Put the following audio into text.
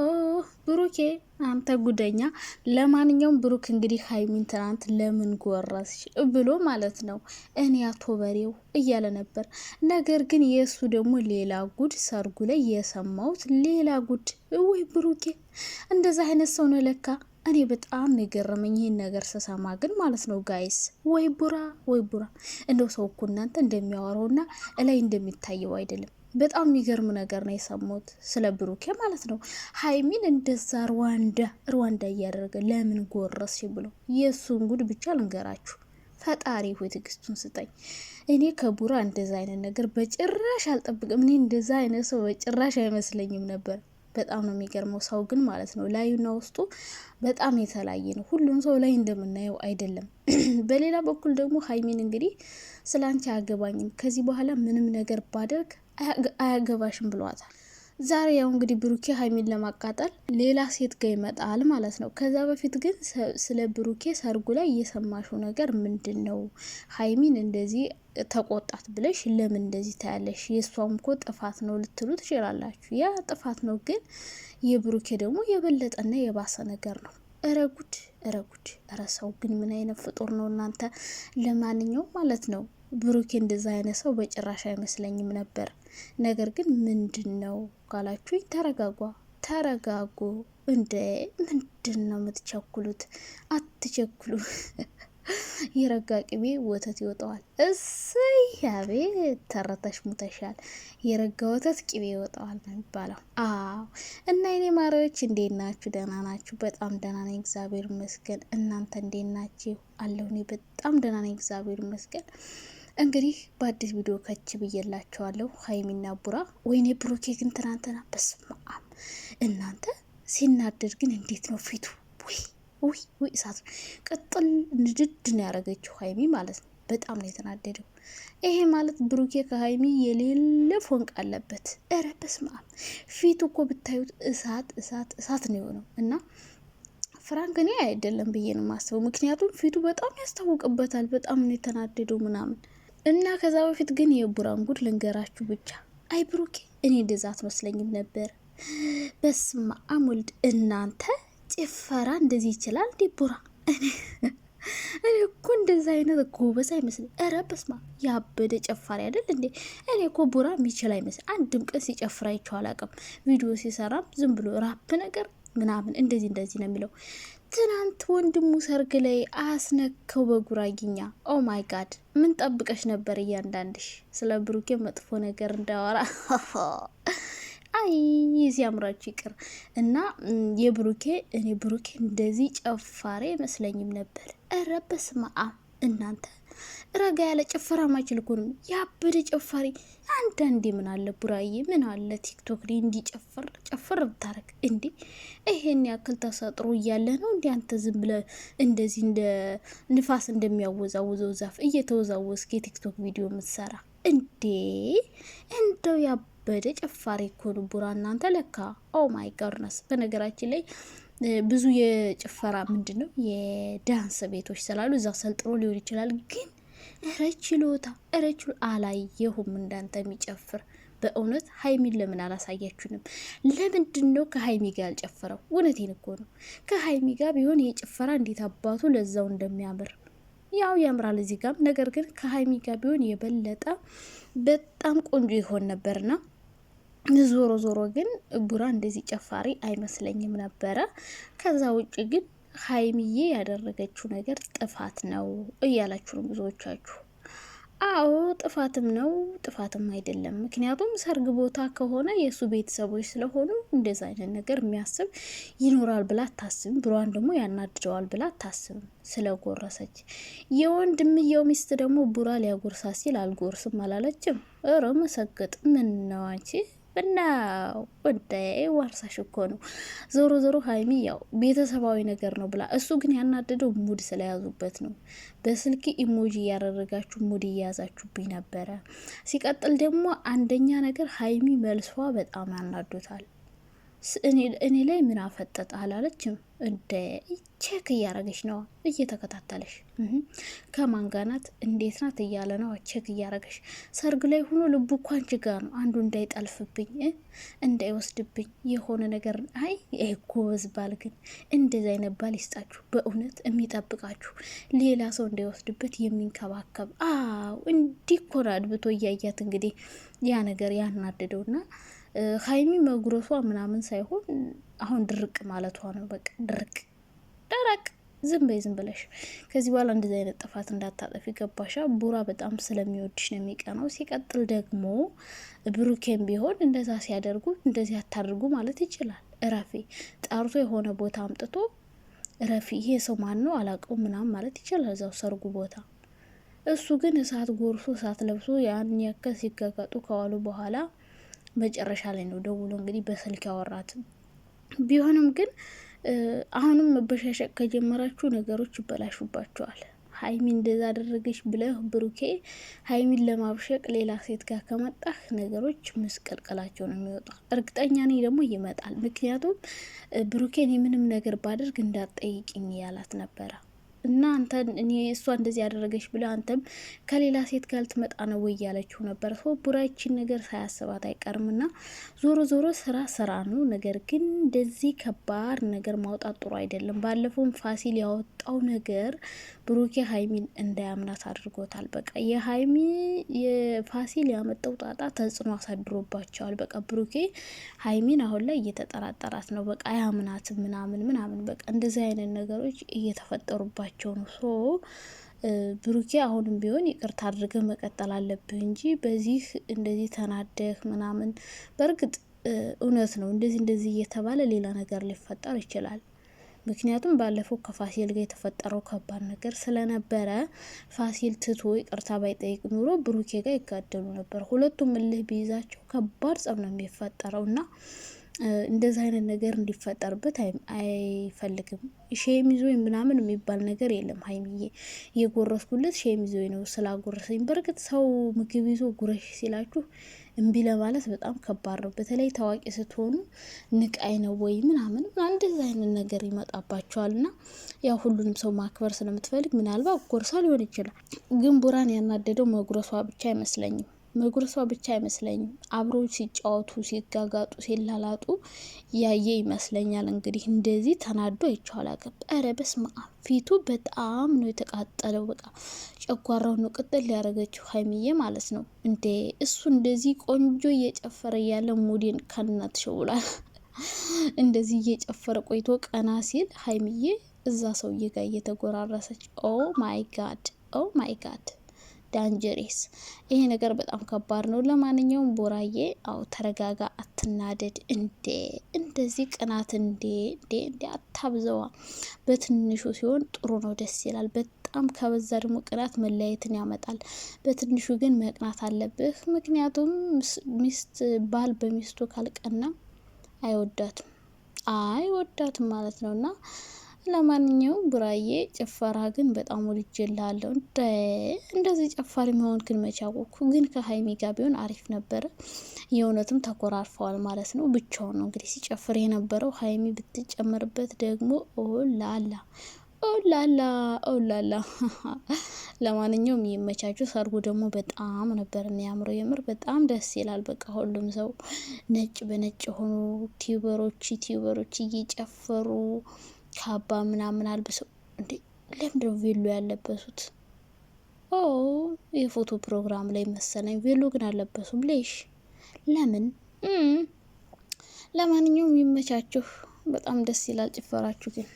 ኦ ብሩኬ አንተ ጉደኛ። ለማንኛውም ብሩክ እንግዲህ ሀይሚን ትናንት ለምን ጎረስሽ ብሎ ማለት ነው እኔ አቶ በሬው እያለ ነበር። ነገር ግን የእሱ ደግሞ ሌላ ጉድ፣ ሰርጉ ላይ የሰማሁት ሌላ ጉድ። ወይ ብሩኬ እንደዛ አይነት ሰው ነው ለካ። እኔ በጣም ነው የገረመኝ ይህን ነገር ስሰማ ግን ማለት ነው ጋይስ። ወይ ቡራ ወይ ቡራ፣ እንደው ሰው እኮ እናንተ እንደሚያወራውና እላይ እንደሚታየው አይደለም። በጣም የሚገርም ነገር ነው የሰሙት ስለ ብሩኬ ማለት ነው። ሀይሚን እንደዛ ሩዋንዳ ሩዋንዳ እያደረገ ለምን ጎረስሽ ብሎ የእሱን ጉድ ብቻ ልንገራችሁ። ፈጣሪ ሆይ ትዕግስቱን ስጠኝ። እኔ ከቡራ እንደዛ አይነት ነገር በጭራሽ አልጠብቅም። እኔ እንደዛ አይነት ሰው በጭራሽ አይመስለኝም ነበር። በጣም ነው የሚገርመው። ሰው ግን ማለት ነው ላዩና ውስጡ በጣም የተለያየ ነው። ሁሉም ሰው ላይ እንደምናየው አይደለም። በሌላ በኩል ደግሞ ሀይሚን እንግዲህ አንቺ አያገባኝም ከዚህ በኋላ ምንም ነገር ባደርግ አያገባሽም ብሏታል። ዛሬ ያው እንግዲህ ብሩኬ ሀይሚን ለማቃጠል ሌላ ሴት ጋር ይመጣል ማለት ነው። ከዛ በፊት ግን ስለ ብሩኬ ሰርጉ ላይ እየሰማሽው ነገር ምንድን ነው? ሀይሚን እንደዚህ ተቆጣት ብለሽ ለምን እንደዚህ ታያለሽ? የእሷም እኮ ጥፋት ነው ልትሉ ትችላላችሁ። ያ ጥፋት ነው፣ ግን የብሩኬ ደግሞ የበለጠና የባሰ ነገር ነው። እረጉድ እረ ሰው ግን ምን አይነት ፍጡር ነው እናንተ? ለማንኛውም ማለት ነው ብሩኬ እንደዛ አይነት ሰው በጭራሽ አይመስለኝም ነበር። ነገር ግን ምንድን ነው ካላችሁኝ፣ ተረጋጓ ተረጋጉ። እንደ ምንድን ነው የምትቸኩሉት? አትቸኩሉ። የረጋ ቅቤ ወተት ይወጣዋል። እሰይ አቤት ተረተሽ ሙተሻል። የረጋ ወተት ቅቤ ይወጣዋል ነው የሚባለው። አዎ። እና የኔ ማሪዎች እንዴት ናችሁ? ደህና ናችሁ? በጣም ደህና ነኝ እግዚአብሔር ይመስገን። እናንተ እንዴት ናችሁ? በጣም ደህና ነኝ እግዚአብሔር ይመስገን። እንግዲህ በአዲስ ቪዲዮ ከች ብዬላቸዋለሁ። ሀይሚና ቡራ ወይኔ ብሩኬ ግን ትናንትና በስመ እናንተ ሲናደድ ግን እንዴት ነው ፊቱ? ውይ ውይ ውይ እሳት ቅጥል ንድድ ነው ያደረገችው ሀይሚ ማለት ነው። በጣም ነው የተናደደው። ይሄ ማለት ብሩኬ ከሀይሚ የሌለ ፎንቅ አለበት። ኧረ በስመ ፊቱ እኮ ብታዩት እሳት እሳት እሳት ነው የሆነው እና ፍራንክ እኔ አይደለም ብዬ ነው የማስበው። ምክንያቱም ፊቱ በጣም ያስታውቅበታል። በጣም ነው የተናደደው ምናምን እና ከዛ በፊት ግን የቡራን ጉድ ልንገራችሁ ብቻ። አይ ብሩኬ፣ እኔ እንደዛ አትመስለኝም ነበር። በስመ አብ ወልድ፣ እናንተ ጭፈራ እንደዚህ ይችላል እንዴ? ቡራ፣ እኔ እኮ እንደዚ አይነት ጎበዝ አይመስልም። ኧረ በስመ አብ፣ ያበደ ጨፋሪ አይደል እንዴ? እኔ እኮ ቡራ የሚችል አይመስል፣ አንድም ቀን ሲጨፍር አይቼው አላውቅም። ቪዲዮ ሲሰራም ዝም ብሎ ራፕ ነገር ምናምን እንደዚህ እንደዚህ ነው የሚለው ትናንት ወንድሙ ሰርግ ላይ አስነከው በጉራጊኛ። ኦ ማይ ጋድ! ምን ጠብቀሽ ነበር? እያንዳንድሽ ስለ ብሩኬ መጥፎ ነገር እንዳወራ አይ ይዚ ይቅር እና የብሩኬ እኔ ብሩኬ እንደዚህ ጨፋሬ አይመስለኝም ነበር። እረ በስመ አብ እናንተ ረጋ ያለ ጭፈራ ማይችል እኮ ነው ያበደ ጨፋሪ። አንዳንዴ ምን አለ ቡራዬ፣ ምን አለ ቲክቶክ ላይ እንዲ ጨፍር ጨፍር ብታረግ እንዴ! ይሄን ያክል ተሰጥሮ እያለ ነው እንዲ አንተ ዝም ብለ እንደዚህ እንደ ንፋስ እንደሚያወዛውዘው ዛፍ እየተወዛወዝክ የቲክቶክ ቪዲዮ የምትሰራ እንዴ! እንደው ያበደ ጨፋሪ እኮ ነው ቡራ እናንተ ለካ። ኦ ማይ ጋድነስ በነገራችን ላይ ብዙ የጭፈራ ምንድን ነው የዳንስ ቤቶች ስላሉ እዛ ሰልጥኖ ሊሆን ይችላል። ግን እረ ችሎታ እረ ችሎ አላየሁም እንዳንተ የሚጨፍር በእውነት ሀይሚን ለምን አላሳያችሁንም? ለምንድን ነው ከሀይሚ ጋር ያልጨፈረው? እውነቴን እኮ ነው። ከሀይሚ ጋር ቢሆን ይሄ ጭፈራ እንዴት አባቱ ለዛው እንደሚያምር ያው ያምራል እዚህ ጋም። ነገር ግን ከሀይሚ ጋር ቢሆን የበለጠ በጣም ቆንጆ ይሆን ነበርና ዞሮ ዞሮ ግን ቡራ እንደዚህ ጨፋሪ አይመስለኝም ነበረ። ከዛ ውጭ ግን ሀይሚዬ ያደረገችው ነገር ጥፋት ነው እያላችሁ ነው ብዙዎቻችሁ። አዎ ጥፋትም ነው ጥፋትም አይደለም። ምክንያቱም ሰርግ ቦታ ከሆነ የእሱ ቤተሰቦች ስለሆኑ እንደዛ አይነት ነገር የሚያስብ ይኖራል ብላ አታስብም። ብሯን ደግሞ ያናድደዋል ብላ አታስብም ስለጎረሰች። የወንድምየው ሚስት ደግሞ ቡራ ሊያጎርሳ ሲል አልጎርስም አላለችም። ኧረ መሰገጥ ምን ነው አንቺ እና ወዳዬ ዋርሳሽ እኮ ነው። ዞሮ ዞሮ ሀይሚ ያው ቤተሰባዊ ነገር ነው ብላ እሱ ግን ያናደደው ሙድ ስለያዙበት ነው። በስልክ ኢሞጂ እያደረጋችሁ ሙድ እየያዛችሁብኝ ነበረ። ሲቀጥል ደግሞ አንደኛ ነገር ሀይሚ መልሷ በጣም ያናዱታል እኔ ላይ ምን አፈጠጠ አላለችም እንደ ቼክ እያረገች ነዋ እየተከታተለሽ ከማን ጋር ናት እንዴት ናት እያለ ነዋ ቼክ እያረገሽ ሰርግ ላይ ሆኖ ልቡ እኮ አንቺ ጋር ነው አንዱ እንዳይጠልፍብኝ እንዳይወስድብኝ የሆነ ነገር አይ ጎበዝ ባል ግን እንደዚ አይነት ባል ይስጣችሁ በእውነት የሚጠብቃችሁ ሌላ ሰው እንዳይወስድበት የሚንከባከብ አው እንዲኮራ አድብቶ እያያት እንግዲህ ያ ነገር ያናደደውና ሀይሚ መጉረሷ ምናምን ሳይሆን አሁን ድርቅ ማለቷ ነው። በቃ ድርቅ ደረቅ ዝም በይ ዝም ብለሽ ከዚህ በኋላ እንደዚህ አይነት ጥፋት እንዳታጠፊ ገባሻ? ቡራ በጣም ስለሚወድሽ ነው የሚቀናው። ሲቀጥል ደግሞ ብሩኬን ቢሆን እንደዛ ሲያደርጉ እንደዚህ አታድርጉ ማለት ይችላል። እረፊ ጠርቶ የሆነ ቦታ አምጥቶ እረፊ፣ ይሄ ሰው ማን ነው አላውቀው ምናምን ማለት ይችላል እዛው ሰርጉ ቦታ። እሱ ግን እሳት ጎርሶ እሳት ለብሶ ያን ያከል ሲጋጋጡ ከዋሉ በኋላ መጨረሻ ላይ ነው ደውሎ እንግዲህ በስልክ ያወራት። ቢሆንም ግን አሁንም መበሻሸቅ ከጀመራችሁ ነገሮች ይበላሹባቸዋል። ሀይሚ እንደዛ አደረገች ብለህ ብሩኬ ሀይሚን ለማብሸቅ ሌላ ሴት ጋር ከመጣህ ነገሮች ምስቀልቀላቸው ነው የሚወጣ። እርግጠኛ ነኝ ደግሞ ይመጣል። ምክንያቱም ብሩኬን የምንም ነገር ባደርግ እንዳትጠይቅኝ ያላት ነበረ። እና አንተ እኔ እሷ እንደዚህ ያደረገች ብለ አንተም ከሌላ ሴት ጋር ልትመጣ ነው ወይ ያለችው ነበር። ሰው ቡራችን ነገር ሳያስባት አይቀርም። ና ዞሮ ዞሮ ስራ ስራ ነው። ነገር ግን እንደዚህ ከባድ ነገር ማውጣት ጥሩ አይደለም። ባለፈውም ፋሲል ያወጣው ነገር ብሩኬ ሀይሚን እንዳያምናት አድርጎታል። በቃ የሀይሚ የፋሲል ያመጣው ጣጣ ተጽዕኖ አሳድሮባቸዋል። በቃ ብሩኬ ሀይሚን አሁን ላይ እየተጠራጠራት ነው። በቃ ያምናት ምናምን ምናምን በቃ እንደዚህ አይነት ነገሮች እየተፈጠሩባቸው እያደረጋቸው ነው። ሶ ብሩኬ አሁንም ቢሆን ይቅርታ አድርገ መቀጠል አለብህ እንጂ በዚህ እንደዚህ ተናደህ ምናምን በእርግጥ እውነት ነው። እንደዚህ እንደዚህ እየተባለ ሌላ ነገር ሊፈጠር ይችላል። ምክንያቱም ባለፈው ከፋሲል ጋር የተፈጠረው ከባድ ነገር ስለነበረ ፋሲል ትቶ ይቅርታ ባይጠይቅ ኑሮ ብሩኬ ጋር ይጋደሉ ነበር። ሁለቱም እልህ ቢይዛቸው ከባድ ጸብ ነው የሚፈጠረው እና እንደዚህ አይነት ነገር እንዲፈጠርበት አይፈልግም። ሼሚዞ ምናምን የሚባል ነገር የለም። ሀይሚዬ የጎረስኩለት ሼሚዞ ነው ስላጎረሰኝ። በእርግጥ ሰው ምግብ ይዞ ጉረሽ ሲላችሁ እምቢ ለማለት በጣም ከባድ ነው። በተለይ ታዋቂ ስትሆኑ ንቃይ ነው ወይ ምናምን እንደዚህ አይነት ነገር ይመጣባቸዋል። እና ያው ሁሉንም ሰው ማክበር ስለምትፈልግ ምናልባት ጎርሳ ሊሆን ይችላል። ግን ቡራን ያናደደው መጉረሷ ብቻ አይመስለኝም። መጉረሷ ብቻ አይመስለኝም። አብረው ሲጫወቱ፣ ሲጋጋጡ፣ ሲላላጡ ያየ ይመስለኛል። እንግዲህ እንደዚህ ተናዶ አይቼዋል አቅም ኧረ በስመ አብ ፊቱ በጣም ነው የተቃጠለው። በቃ ጨጓራውን ነው ቅጥል ሊያደረገችው ሀይሚዬ ማለት ነው። እንዴ እሱ እንደዚህ ቆንጆ እየጨፈረ እያለ ሙዴን ከናት ሸውላል። እንደዚህ እየጨፈረ ቆይቶ ቀና ሲል ሀይሚዬ እዛ ሰውዬ ጋር እየተጎራረሰች ኦ ማይ ጋድ ኦ ማይ ጋድ ዳንጀሬስ። ይሄ ነገር በጣም ከባድ ነው። ለማንኛውም ቦራዬ፣ አው ተረጋጋ፣ አትናደድ። እንዴ እንደዚህ ቅናት እንዴ እንዴ እንዴ አታብዘዋ። በትንሹ ሲሆን ጥሩ ነው፣ ደስ ይላል። በጣም ከበዛ ደግሞ ቅናት መለያየትን ያመጣል። በትንሹ ግን መቅናት አለብህ። ምክንያቱም ሚስት ባል በሚስቱ ካልቀና አይወዳትም አይወዳትም ማለት ነው እና ለማንኛውም ቡራዬ ጭፈራ ግን በጣም ወድጄልሃለሁ። እንደዚህ ጨፋሪ መሆንክን ግን መቻወቅኩ ግን ከሀይሚ ጋር ቢሆን አሪፍ ነበረ። የእውነትም ተኮራርፈዋል ማለት ነው። ብቻውን ነው እንግዲህ ሲጨፍር የነበረው። ሀይሚ ብትጨምርበት ደግሞ ኦላላ ኦላላ ኦላላ። ለማንኛውም የሚመቻቸው ሰርጉ ደግሞ በጣም ነበር የሚያምረው። የምር በጣም ደስ ይላል። በቃ ሁሉም ሰው ነጭ በነጭ ሆኖ ቲዩበሮች ቲዩበሮች እየጨፈሩ ካባ ምናምን አልብሰው እንዴ ለምንድነው ቬሎ ያለበሱት? ኦ የፎቶ ፕሮግራም ላይ መሰለኝ። ቬሎ ግን አለበሱም። ሌሽ ለምን? ለማንኛውም ይመቻችሁ። በጣም ደስ ይላል ጭፈራችሁ ግን